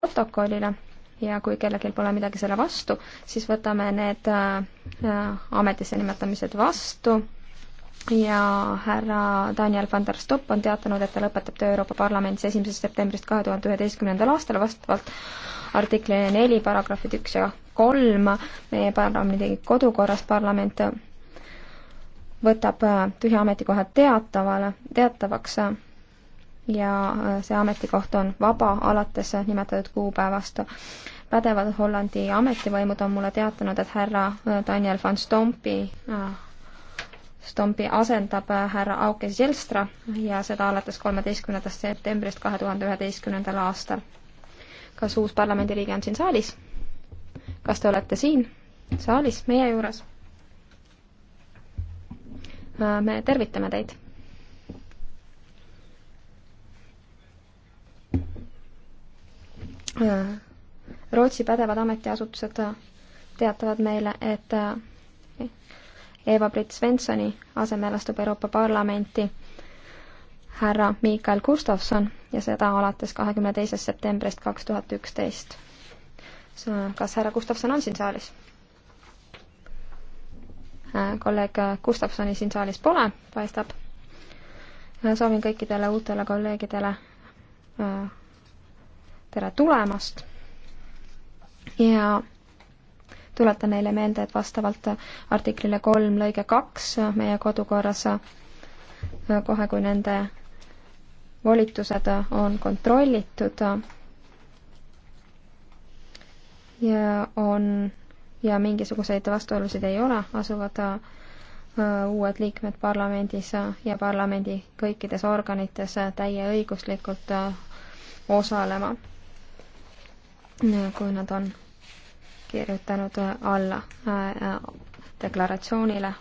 protokollile ja kui kellelgi pole midagi selle vastu, siis võtame need äh, äh, ametisse nimetamised vastu ja härra Daniel van der Stopp on teatanud, et ta lõpetab töö Euroopa Parlamendis esimesest septembrist kahe tuhande üheteistkümnendal aastal vastavalt artiklile neli, paragrahvid üks ja kolm meie parlamendi kodukorras parlament võtab äh, tühja ametikoha teatavale, teatavaks ja äh, see ametikoht on vaba alates nimetatud kuupäevast. pädevad Hollandi ametivõimud on mulle teatanud, et härra äh, Daniel van Stompi äh, Stompi asendab härra Auke Zelstra ja seda alates kolmeteistkümnendast septembrist kahe tuhande üheteistkümnendal aastal. kas uus parlamendiliige on siin saalis? kas te olete siin saalis meie juures? me tervitame teid Rootsi pädevad ametiasutused teatavad meile, et äh, Eva-Britt Svensoni asemel astub Euroopa Parlamenti härra Miikael Gustavson ja seda alates kahekümne teisest septembrist kaks tuhat üksteist. kas härra Gustavson on siin saalis? Äh, kolleeg Gustavsoni siin saalis pole, paistab. Äh, soovin kõikidele uutele kolleegidele tere tulemast ja tuletan neile meelde, et vastavalt artiklile kolm lõige kaks meie kodukorras äh, kohe, kui nende volitused on kontrollitud ja on ja mingisuguseid vastuolusid ei ole, asuvad äh, uued liikmed parlamendis ja parlamendi kõikides organites täieõiguslikult äh, osalema kui nad on kirjutanud alla äh, äh, deklaratsioonile